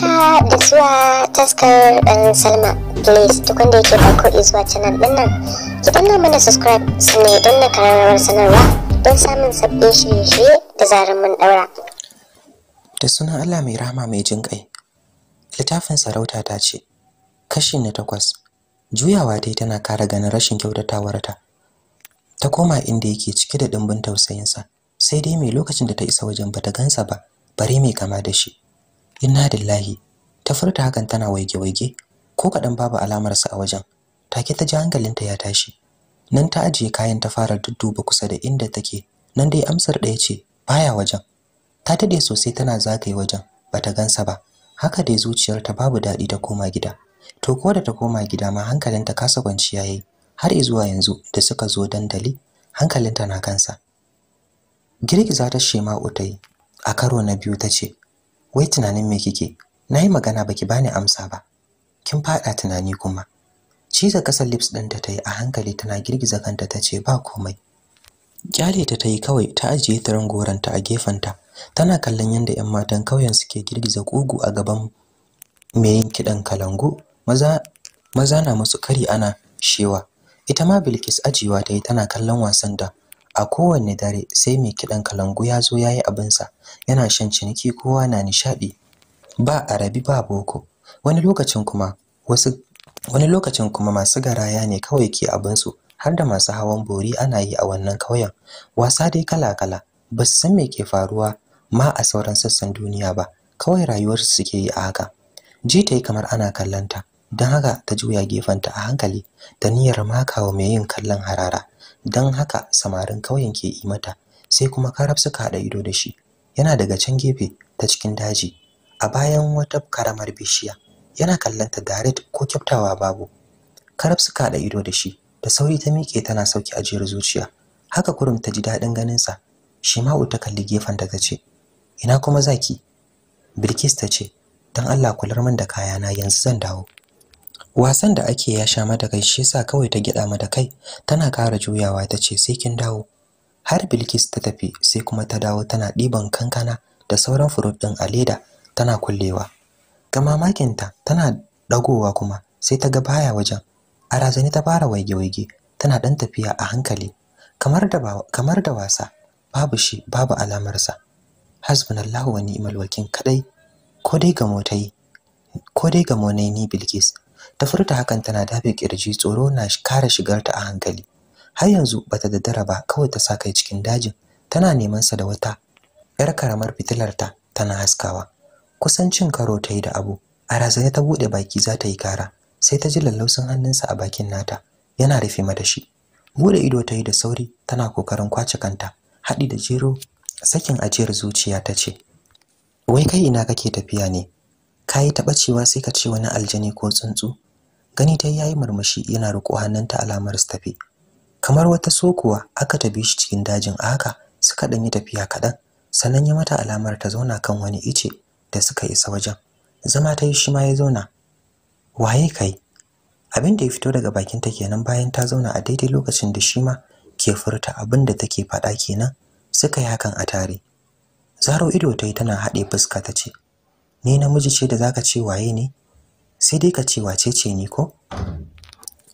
haka ah, da zuwa taskar ɗan um, salma please duk wanda yake farko izuwa canal ɗin nan ki danna mana subscribe sannan don na kararrawar sanarwa don samun sabbin shirye-shirye da zarar mun ɗaura da sunan allah mai rahama mai jin ƙai littafin sarauta ta ce kashi na takwas juyawa dai tana kara ganin rashin kyautatawarta ta koma inda yake cike da ɗimbin tausayinsa sai dai mai lokacin da ta isa wajen bata gansa ba bare mai kama da shi inna lillahi ta furta hakan tana waige-waige ko kaɗan babu alamarsa a wajen take ta ji hankalinta ya tashi nan ta ajiye kayan ta fara dudduba kusa da inda take nan dai amsar ɗaya ce baya wajen ta daɗe sosai tana zagaye wajen bata gansa ba haka dai zuciyar ta babu daɗi ta koma gida to ko da ta koma gida ma hankalinta kasa kwanciya yayi har zuwa yanzu da suka zo dandali hankalinta na kansa girgiza ta shema utai a karo na biyu ta ce wai tunanin me kike nayi magana baki bani amsa ba kin fada tunani kuma ciza kasar lips ɗinta ta tayi a hankali tana girgiza kanta ta ce ba komai kyale ta yi kawai ta ajiye tiran goranta a ta tana kallon yadda 'yan matan kauyen suke girgiza kugu a gaban mai yin kiɗan kalangu maza maza na musu kari ana shewa ita ma bilkis ajiwa tayi tana kallon wasan da a kowanne dare sai mai kiɗan kalangu ya zo ya yi abinsa yana shan ciniki kowa na nishaɗi ba arabi ba boko wani lokacin kuma wasu wani lokacin kuma masu garaya ne kawai ke abinsu har da masu hawan bori ana yi a wannan kauyen. wasa dai kala-kala ba su san me ke faruwa ma a sauran sassan duniya ba kawai rayuwarsu suke yi a haka ji ta yi kamar ana kallonta don haka ta juya gefenta a hankali da niyyar makawa mai yin kallon harara don haka samarin kauyen ke yi mata sai kuma karab suka haɗa ido da shi yana daga can gefe ta cikin daji a bayan wata karamar bishiya yana kallonta direct ko kyaftawa babu karab suka haɗa ido da shi da sauri ta miƙe tana sauki ajiyar zuciya haka kurum ta ji daɗin ganinsa shima'u ta kalli gefen ta ce ina kuma zaki bilkis ta ce don allah kular min da kayana yanzu zan dawo wasan da ake ya sha mata kai shi yasa kawai ta gida mata kai tana ƙara juyawa ta ce sai kin dawo har Bilkis ta tafi sai kuma ta dawo tana ɗiban kankana da sauran furut ɗin a tana kullewa ga mamakinta tana ɗagowa kuma sai ta ga baya wajen Arazani ta fara waige-waige tana ɗan tafiya a hankali kamar da kamar da wasa babu shi babu alamarsa hasbunallahu wa ni'mal wakil kadai ko dai ga motai ko dai ga monai ni Bilkis ta furta hakan tana dafe kirji tsoro na shigar shigarta a hankali har yanzu bata daddara ba kawai ta sa kai cikin dajin tana neman sa da wata yar karamar fitilarta tana haskawa kusan cin karo ta yi da abu a razane ta bude baki za ta yi kara sai ta ji lallausin hannunsa a bakin nata yana rufe mata shi bude ido ta yi da sauri tana kokarin kwace kanta haɗi da jero sakin ajiyar zuciya ta ce wai kai ina kake tafiya ne ka yi taɓacewa sai ka ce wani aljani ko tsuntsu gani ta yayi murmushi yana riko hannunta alamar su tafi kamar wata sokuwa aka tabi shi cikin dajin a haka suka dan yi tafiya kaɗan sannan ya mata alamar ta zauna kan wani ice da suka isa wajen zama ta yi shi ma ya zauna waye kai abin da ya fito daga bakin ta kenan bayan ta zauna a daidai lokacin da shi ma ke furta abin da take faɗa kenan suka yi hakan a tare zaro ido ta yi tana haɗe fuska ta ce ni namiji ce da zaka ce waye ne sai dai ka ce wace ce ni ko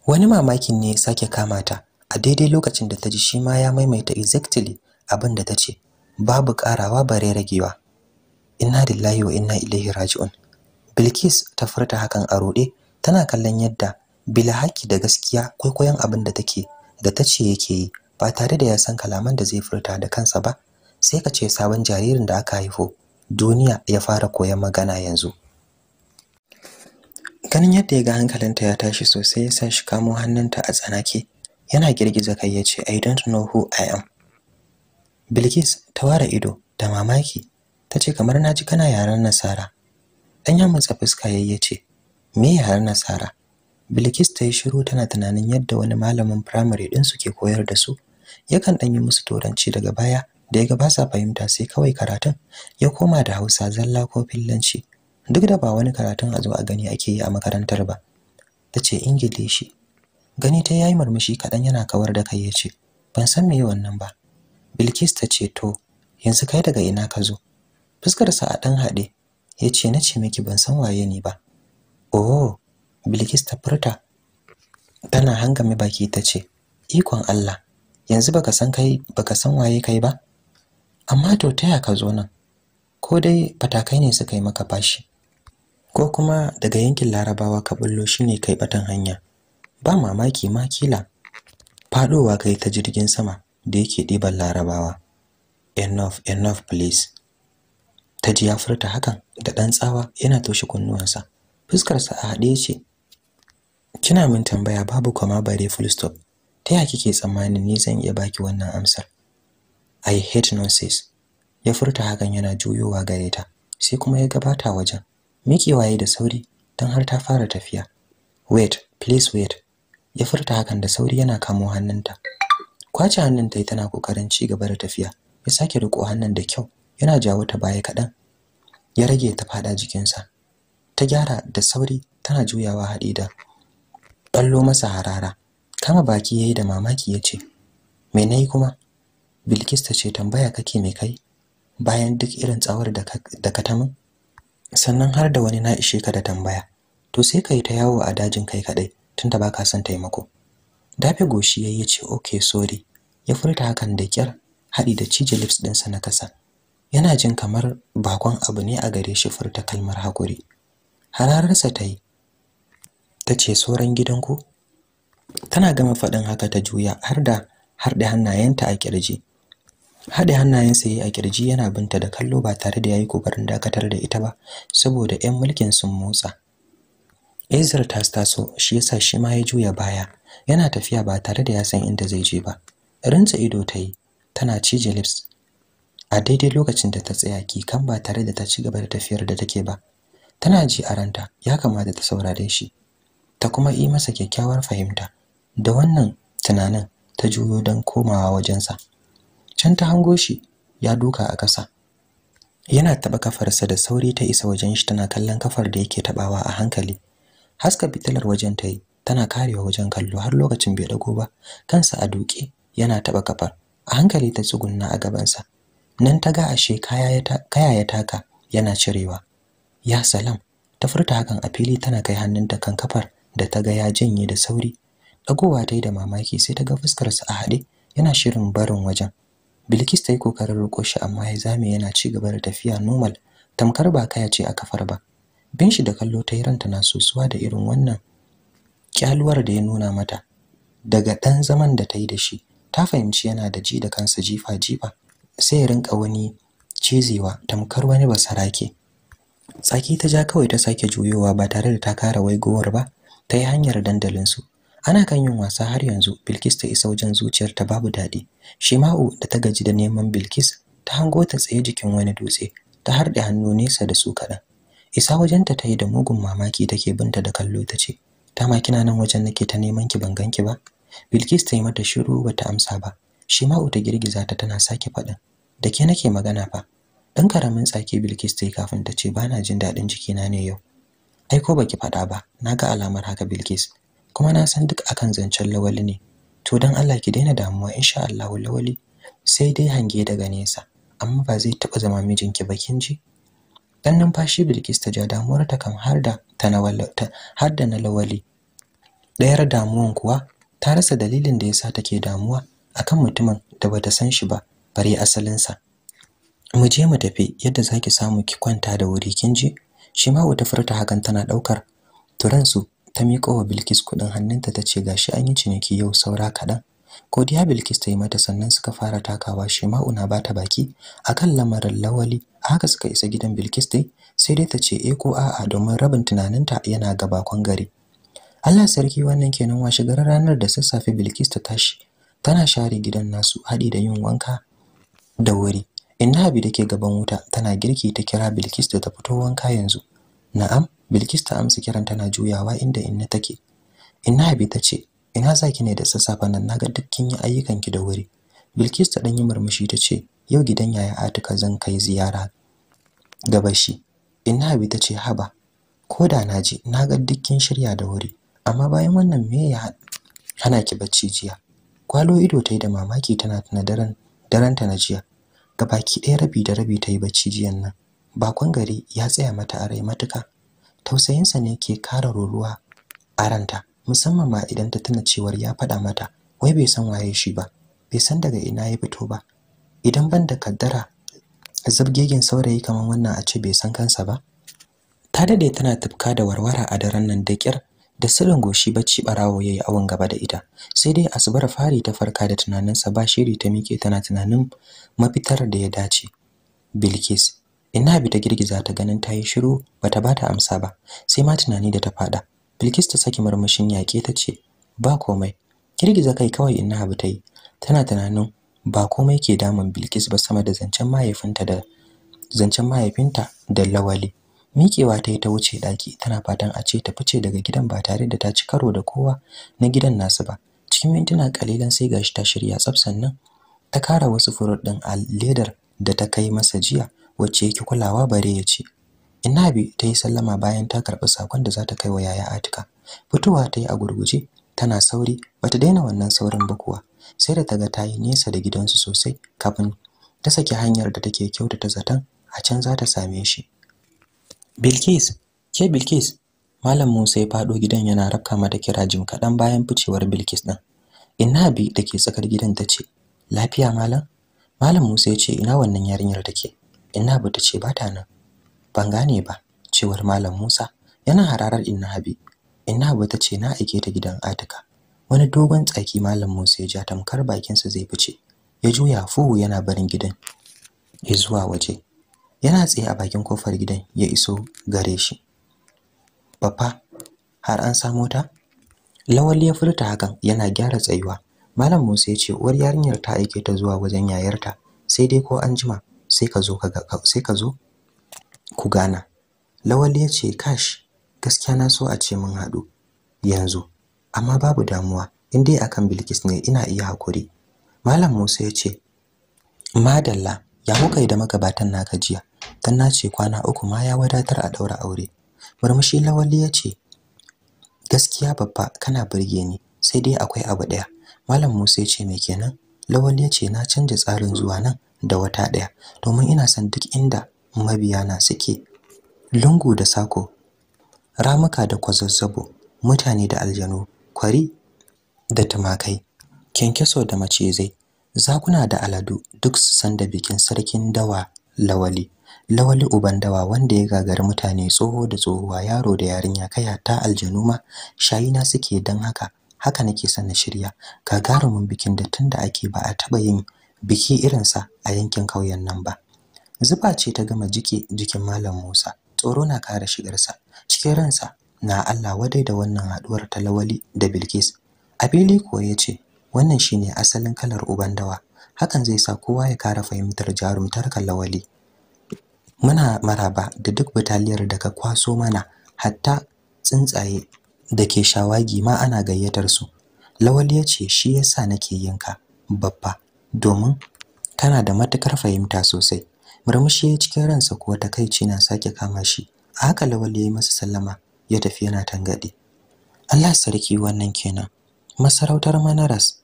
wani mamakin ne ya sake kama ta a daidai lokacin da ta ji shi ma ya maimaita exactly abin da ta ce babu karawa bare ragewa inna lillahi wa inna ilaihi raji'un bilkis ta furta hakan a rode tana kallon yadda bila haki da gaskiya kwaikwayon abin da take da ta ce yake yi ba tare da ya san kalaman da zai furta da kansa ba sai ka ce sabon jaririn da aka haifo duniya ya fara koyon magana yanzu ganin yadda ya ga hankalinta ya tashi sosai ya sa shi kamo hannunta a tsanake yana girgiza kai ya ce i don't know who i am bilkis ta ware ido da mamaki ta ce kamar na ji kana yaren nasara ɗan ya matsa fuska ya ce me yaren nasara bilkis ta yi shiru tana tunanin yadda wani malamin firamare ɗin ke koyar da su yakan ɗan yi musu turanci daga baya da ya ga ba sa fahimta sai kawai karatun ya koma da hausa zalla ko fillanci duk da ba wani karatun a zo a gani ake yi a makarantar ba ta ce ingilishi gani ta yayi murmushi kaɗan yana kawar da kai ya ce ban san meye wannan ba bilkis ta ce to yanzu kai daga ina ka zo fuskarsa a ɗan haɗe ya ce na ce miki ban san waye ni ba oh bilkis ta furta tana hangame baki ta ce ikon allah yanzu baka san kai baka san waye kai ba amma to taya ka zo nan ko dai fatakai ne suka yi maka bashi. ko kuma daga yankin larabawa ka bullo shine kai batan hanya ba mamaki ma kila fadowa kai ta jirgin sama da yake ɗiban larabawa enough enough please ta ji ya furta hakan da ɗan tsawa yana toshe kunnuwansa fuskarsa a haɗe ce kina min tambaya babu kwama bare full stop ta ya kike tsammanin ni zan iya baki wannan amsar i hate nonsense ya furta hakan yana juyowa gare ta sai kuma ya gabata wajen miƙewa waye da sauri don har ta fara tafiya wait please wait ya furta hakan da sauri yana kamo hannunta kwace hannun ta tana kokarin ci gaba da tafiya ya sake riko hannun da kyau yana jawo ta baya kaɗan ya rage ta fada jikinsa ta gyara da sauri tana juyawa haɗi da ballo masa harara kama baki yayi da mamaki yace me nayi kuma Bilkis ta ce tambaya kake me kai bayan duk irin tsawar da ka da sannan har da wani na ishe ka da tambaya to sai ka yi ta yawo a dajin kai kaɗai tunda baka son taimako dafe goshi yayi ce okay sorry ya furta hakan da kyar haɗi da cije lips ɗinsa na kasa yana jin kamar bakon abu ne a gare shi furta kalmar hakuri hararsa ta yi ta ce sauran gidanku tana gama faɗin haka ta juya har da har da hannayenta a kirji haɗe hannayensa yayi a kirji yana binta da kallo ba tare da yi kokarin dakatar da ita ba saboda 'yan mulkin sun motsa Ezra ta taso shi yasa shi ma ya juya baya yana tafiya ba tare da ya san inda zai je ba Rinta ido ta yi tana cije lips a daidai lokacin da ta tsaya kikan ba tare da ta ci gaba da tafiyar da take ba tana ji a ranta ya kamata ta saurare shi ta kuma yi masa kyakkyawar fahimta da wannan tunanin ta juyo don komawa wajensa can ta hango shi ya duka a ƙasa yana taɓa kafarsa da sauri ta isa wajen shi tana kallon kafar da yake taɓawa a hankali haska fitilar wajen ta yi tana karewa wajen kallo har lokacin bai dago ba kansa a duke yana taɓa kafar a hankali ta tsugunna a gabansa nan ta ga ashe kaya ya taka yana cirewa ya salam ta furta hakan a fili tana kai hannun hannunta kan kafar da ta ga ya janye da sauri dagowa ta yi da mamaki sai ta ga fuskarsa a haɗe yana shirin barin wajen Bilkis ta yi kokarin roƙo shi amma ya zame yana ci gaba da tafiya normal tamkar ba kaya ce a kafar ba. Bin shi da kallo ta yi ranta na sosuwa da irin wannan kyaluwar da ya nuna mata. Daga ɗan zaman da ta yi da shi, ta fahimci yana da ji da kansa jifa-jifa sai ya rinka wani cizewa tamkar wani ba sarake Tsaki ta ja kawai ta sake juyowa ba tare da ta kara waigowar ba, ta yi hanyar dandalinsu. ana kan yin wasa har yanzu Bilkis ta isa wajen zuciyar ta babu daɗi Shima'u da ta gaji da neman Bilkis ta hango ta tsaye jikin wani dutse ta harɗe hannu nesa da su kaɗan isa wajenta ta yi da mugun mamaki take binta da kallo ta ce ta ma kina nan wajen nake ta neman ki ban ganki ba Bilkis ta yi mata shiru bata amsa ba Shima'u ta girgiza ta tana sake faɗin da ke nake magana fa dan karamin tsaki Bilkis ta yi kafin ta ce bana jin daɗin jikina ne yau ai ko baki faɗa ba naga alamar haka Bilkis kuma na san duk akan zancen lawali ne to don Allah ki daina damuwa insha Allah lawali sai dai hange daga nesa amma ba zai taba zama mijinki ba kin ji dan numfashi Bilkis ta ja damuwar ta kan har da ta na wallata har da na lawali dayar damuwan kuwa ta rasa dalilin da yasa take damuwa akan mutumin da bata san shi ba bare asalinsa mu je mu tafi yadda zaki samu ki kwanta da wuri kin ji shi ma wata furta hakan tana daukar turansu ta miƙo wa Bilkis kuɗin hannunta ta ce gashi an yi ciniki yau saura kaɗan. Godiya Bilkis ta yi mata sannan suka fara takawa Shema'u na bata baki A kan lamarin Lawali a haka suka isa gidan Bilkis dai sai dai ta ce e ko a'a domin rabin tunaninta yana ga bakon gari. Allah sarki wannan kenan washe garin ranar da sassafe Bilkis ta tashi tana share gidan nasu haɗi da yin wanka da wuri. Inna Habi da ke gaban wuta tana girki ta kira Bilkis da ta fito wanka yanzu. Na'am, Bilkis ta amsa kiran tana juyawa inda Inna take. Inna Habi ta ce, "Ina zaki ne da sassafe nan naga duk kin yi ayyukan ki da wuri." Bilkis ta dan yi murmushi ta ce, "Yau gidan yaya Atika zan kai ziyara gabashi." Inna Habi ta ce, "Haba, ko da na je naga duk kin shirya da wuri, amma bayan wannan me ya hana ki bacci jiya?" Kwalo ido ta yi da mamaki tana tana daren daren ta na jiya. Gabaki ɗaya rabi da rabi ta yi bacci jiyan nan. Bakon gari ya tsaya mata a rai matuka. tausayinsa ne ke kara roruwa a ranta musamman ma idan ta tuna cewar ya faɗa mata wai bai san waye shi ba bai san daga ina ya fito ba idan ban da kaddara zabgegen saurayi kamar wannan a ce bai san kansa ba ta dade tana tafka da warwara a daren nan da kyar da silin goshi bacci barawo yayi awon gaba da ita sai dai asubar fari ta farka da tunaninsa ba shiri ta miƙe tana tunanin mafitar da ya dace bilkis Inna bi ta girgiza ta ganin ta yi shiru bata bata amsa ba sai ma tunani da ta fada Bilkis ta saki marmashin yake ta ce ba komai girgiza kai kawai Inna bi ta yi tana tunanin ba komai ke damun Bilkis ba sama da zancen mahaifinta da zancen mahaifinta da Lawali miƙewa ta yi ta wuce daki tana fatan a ce ta fice daga gidan ba tare da ta ci karo da kowa na gidan nasu ba cikin mintuna kalilan sai gashi ta shirya tsafsan sannan ta kara wasu furut ɗin a ledar da ta kai masa jiya wacce yake kulawa bare ya ce Innabi ta yi sallama bayan ta karɓi sakon da za ta kai wa yaya Atika. Fitowa ta yi a gurguje, tana sauri, bata daina wannan saurin ba kuwa. Sai da ta ga ta yi nesa da gidansu sosai kafin ta saki hanyar da take kyautata zaton a can za ta same shi. Bilkis, ke Bilkis, Malam Musa ya faɗo gidan yana rafka mata kira jin kaɗan bayan ficewar Bilkis ɗin. Innabi da ke tsakar gidan ta ce, Lafiya Malam? Malam Musa ya ce ina wannan yarinyar take? inna bata ce bata nan ban gane ba cewar malam Musa yana hararar inna Habi inna bata ce na aike ta gidan Atika wani dogon tsaki malam Musa ya ja tamkar bakinsa zai fice ya juya fuhu yana barin gidan ya zuwa waje yana tsaye a bakin kofar gidan ya iso gare shi Baffa, har an samo ta lawal ya furta hakan yana gyara tsayuwa malam Musa ya ce uwar yarinyar ta aike ta zuwa wajen yayarta sai dai ko an jima sai ka zo sai ka zo ku gana lawal ya ce kash gaskiya na so a ce mun haɗu yanzu amma babu damuwa in dai akan Bilkis ne ina iya hakuri Malam Musa ya ce madalla ya muka yi da magabatan naka jiya dan na ce kwana uku ma ya wadatar a daura aure murmushi lawali ya ce gaskiya babba kana birge ni sai dai akwai abu ɗaya. Malam Musa ya ce me kenan lawali ya ce na canja tsarin zuwa nan da wata ɗaya domin ina son duk inda mabiya na suke lungu da sako ramuka da kwazazzabo mutane da aljanu kwari da tumakai kyankyaso da macizai zakuna da aladu duk su san da bikin sarkin dawa lawali lawali uban dawa wanda ya gagari mutane tsoho da tsohuwa yaro da yarinya kai ta aljanu ma shayina suke dan haka haka nake son na shirya gagarumin bikin da tunda ake ba a taɓa yin biki irinsa a yankin ƙauyen nan ba Zuba ce ta gama jike jikin malam Musa tsoro na kare shigarsa cikin ransa na Allah wadai da wannan haduwar talawali da Bilkis a fili kuwa yace wannan shine asalin kalar uban dawa hakan zai sa kowa ya kara fahimtar jarumtar lawali muna maraba da duk bataliyar da ka kwaso mana hatta tsuntsaye da ke shawagi ma ana gayyatar su lawali yace shi yasa nake yinka babba domin tana da matukar fahimta sosai murmushi ya cikin ransa kuwa takaici na sake kama shi a haka lawal ya yi masa sallama ya tafi yana tangaɗe Allah sarki wannan kenan masarautar Manaras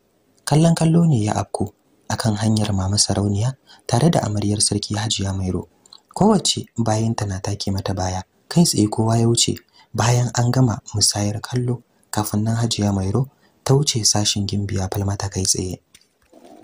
kallon kallo ne ya afko a kan hanyar mama sarauniya tare da amaryar sarki Hajiya Mairo kowace bayanta na take mata baya kai tsaye kowa ya wuce bayan an gama musayar kallo kafin nan Hajiya Mairo ta wuce sashin Gimbiya Falmata kai tsaye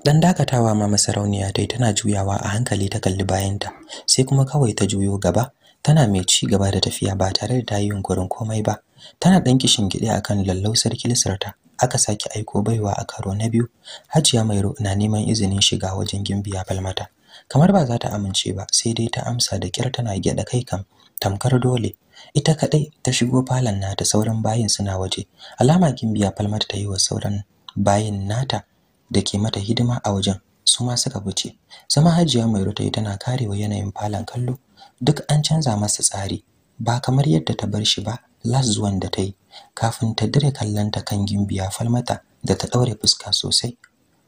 Dan dakatawa mama sarauniya dai tana juyawa a hankali ta kalli bayanta, sai kuma kawai ta juyo gaba, tana mai ci gaba da tafiya ba tare da ta yi yunkurin komai ba. Tana dan kishin gide akan lallausar kilisarta, aka sake aiko baiwa a karo na biyu. Hajiya Mairo na neman izinin shiga wajen Gimbiya Falmata. Kamar ba za ta amince ba, sai dai ta amsa da kyar tana gyada kai kam, tamkar dole. Ita kadai ta shigo falon nata sauran bayin suna waje. Alama Gimbiya Falmata ta yi wa sauran bayin nata da ke mata hidima a wajen su ma suka fice zama hajiya mai rutayi tana karewa yanayin falon kallo duk an canza masa tsari ba kamar yadda ta bar shi ba las zuwan da ta yi kafin ta dire kallonta kan gimbiya falmata da ta ɗaure fuska sosai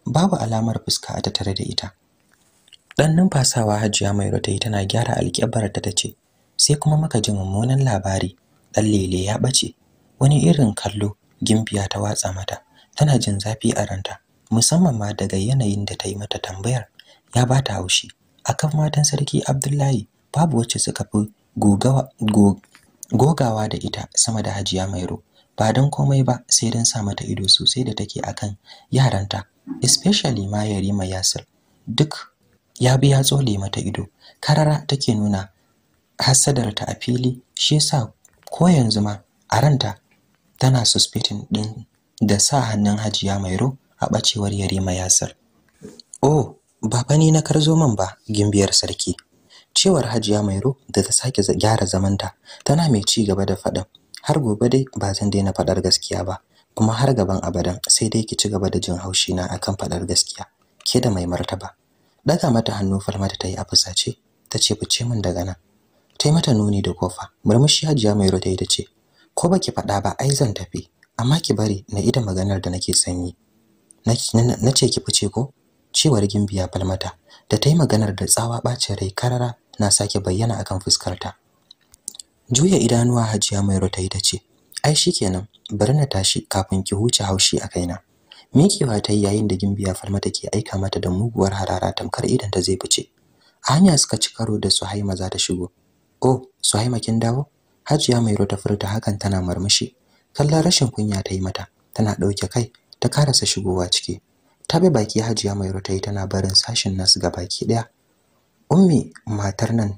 babu alamar fuska a tattare da ita dan numfasawa hajiya mai rutayi tana gyara alƙibar ta ce, sai kuma muka ji mummunan labari dan lele ya bace wani irin kallo gimbiya ta watsa mata tana jin zafi a ranta musamman ma daga yanayin da ta yi mata tambayar ya ba ta haushi akan matan sarki Abdullahi babu wacce suka fi gogawa da ita sama da Hajiya Mairo ba don komai ba sai don sa mata ido sosai da take akan yaranta especially ma Yarima Yasir duk ya biya tsole mata ido karara take nuna hasadarta a fili shi yasa ko yanzu ma a ranta tana suspecting din da sa hannun Hajiya Mairo a ɓacewar Yarima Yasir. Oh, baba ni na karzo man ba, gimbiyar sarki. Cewar Hajiya Mairo da ta sake gyara zamanta, tana mai ci gaba da faɗin. Har gobe dai ba zan daina faɗar gaskiya ba, kuma har gaban abadan sai dai ki ci gaba da jin haushi na akan faɗar gaskiya. Ke da mai martaba. Daga mata hannu Falmata ta yi a fusace, ta ce fice min daga nan. Ta yi mata nuni da kofa, murmushi Hajiya Mairo ta yi ta ce, ko baki faɗa ba ai zan tafi, amma ki bari na ida maganar da nake sanyi. na ce ki fice ko cewar gimbiya falmata da ta yi maganar da tsawa ɓacin rai karara na sake bayyana akan fuskarta juya idanuwa hajiya mai rotai ta ce ai shi kenan, bari na tashi kafin ki huce haushi a kaina mikewa ta yi yayin da gimbiya falmata ke aika mata da muguwar harara tamkar idan ta zai fice a hanya suka ci karo da suhaima za ta shigo oh suhaima kin dawo hajiya mai rota furta hakan tana marmashi kallon rashin kunya ta yi mata tana ɗauke kai ta karasa shigowa ciki ta bi baki hajiya mai rutai tana barin sashin nasu ga baki daya ummi matar nan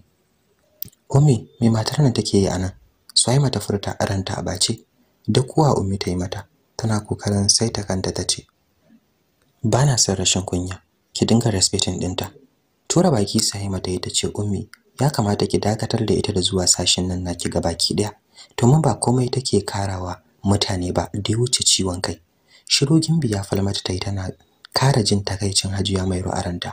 ummi mai matar nan take yi anan sai ta furta aranta a bace duk kuwa ummi ta yi mata tana kokarin ta kanta ta ce ba na son rashin kunya ki dinga respecting dinta tura baki sai mata yi ta ce ummi ya kamata ki dakatar da ita da zuwa sashin nan naki ga baki daya to mun ba komai take karawa mutane ba da wuce ciwon kai Shiru Gimbiya Falmata ta yi tana kara jin takaicin Hajiya mai ru'aranta,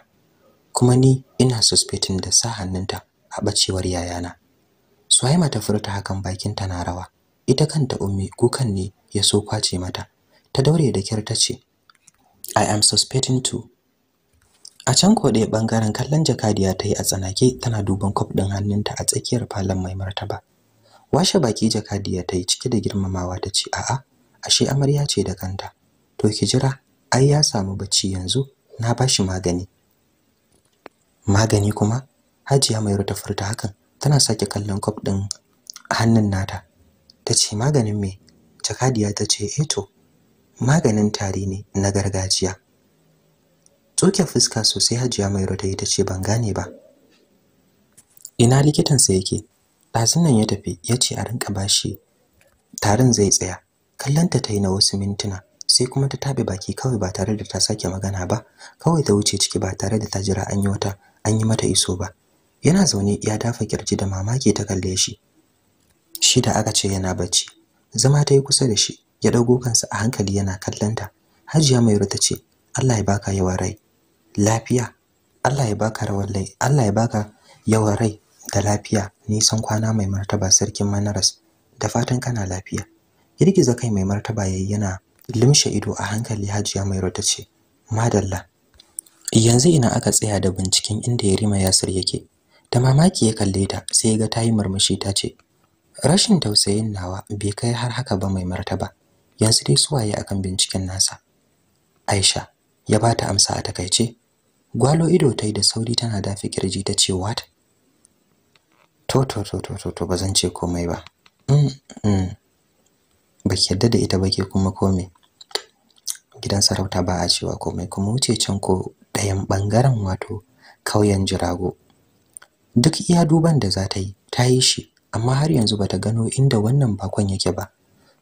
Kuma ni ina suspecting da sa hannunta a bacewar yayana. Suhaima ta furta hakan bakin ta na rawa. Ita kanta Ummi kukan ne ya so kwace mata. Ta daure da kyar ta ce, I am suspecting too. A can ko ɗaya ɓangaren kallon jakadiya ta yi a tsanake tana duban kwaf ɗin hannunta a tsakiyar falon mai martaba. Washe baki jakadiya ta yi cike da girmamawa ta ce a'a, ashe amarya ce da kanta. to ki jira ai ya samu bacci yanzu na bashi magani magani kuma hajiya mai ta furta hakan tana sake kallon kwaf din hannun nata tace maganin me jakadiya tace ce eh to maganin tari ne na gargajiya tsoke fuska sosai hajiya mai ta yi ce ban gane ba ina likitan sa yake ɗazun nan ya tafi yace ce a rinka bashi tarin zai tsaya kallanta ta yi na wasu mintuna sai kuma ta tabe baki kawai ba tare da ta sake magana ba kawai ta wuce ciki ba tare da ta jira an yi wata an yi mata iso ba yana zaune ya dafa kirji da mamaki ta kalle shi shi da aka ce yana bacci zama ta yi kusa da shi ya dago kansa a hankali yana kallanta hajiya mai ta ce Allah ya baka yawan rai lafiya Allah ya baka rawan lai Allah ya baka yawan rai da lafiya nisan kwana mai martaba sarkin Manaras da fatan kana lafiya girgiza kai mai martaba yayi yana limshe ido a hankali hajiya mairo ta ce madalla yanzu ina aka tsaya da binciken inda yarima yasir yake da mamaki ya kalle ta sai ga tayi murmushi ta ce rashin tausayin nawa bai kai har haka ba mai martaba yanzu dai su suwaye akan binciken nasa aisha ya bata amsa a takaice gwalo ido tai da sauri tana dafi kirji ta ce what to to to to to bazan ce komai ba mm, -mm. baki yadda da ita ba ke kuma komai. gidan sarauta ba a cewa komai kuma wuce can ko ɗayan ɓangaren wato kauyen jirago duk iya duban da za ta yi ta yi shi amma har yanzu bata gano inda wannan bakon yake ba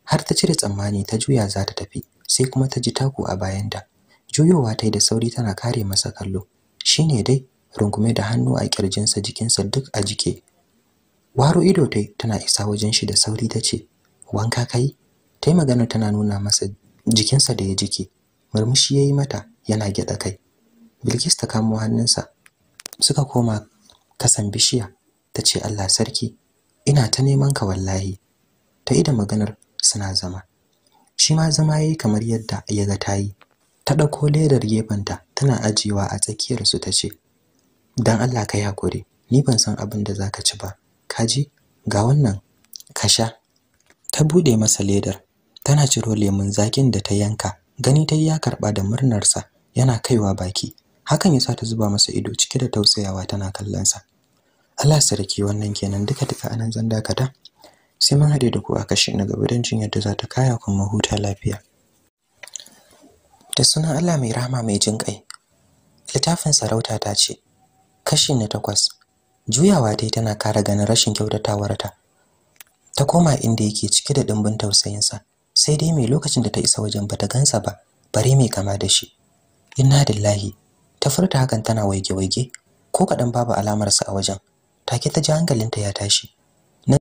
har ta cire tsammani ta juya za ta tafi sai kuma ta ji taku a bayanta juyowa ta yi da sauri tana kare masa kallo shine dai rungume da hannu a kirjinsa jikinsa duk a jike waro ido tai tana isa wajen shi da sauri ta ce wanka kai ta yi magana tana nuna masa jikinsa da ya jike murmushi ya yi mata yana gyada kai bilkis ta kamo hannunsa suka koma kasan bishiya ta ce allah sarki ina ta neman ka wallahi ta ida maganar suna zama shi ma zama ya yi kamar yadda ya ga ta yi ta ɗauko ledar gefenta tana ajiyewa a tsakiyarsu ta ce don allah ka yi ni ban san abin da za ka ci ba Ka ji ga wannan ka sha ta buɗe masa ledar tana ciro lemun zakin da ta yanka gani ta ya karɓa da murnarsa yana kaiwa baki hakan yasa ta zuba masa ido cike da tausayawa tana kallon sa. Allah sarki wannan kenan duka duka anan zan dakata sai mun haɗe da ku a kashi na gaba don jin yadda za ta kaya kuma huta lafiya da sunan Allah mai rahama mai jin ƙai littafin sarauta ta ce kashi na takwas juyawa dai tana kara ganin rashin kyautatawarta ta koma inda yake cike da dimbin tausayinsa sai dai mai lokacin da ta isa wajen bata gansa ba bare mai kama da shi inna lillahi ta furta hakan tana waige waige ko kadan babu alamar sa a wajen take ta ji hankalinta ya tashi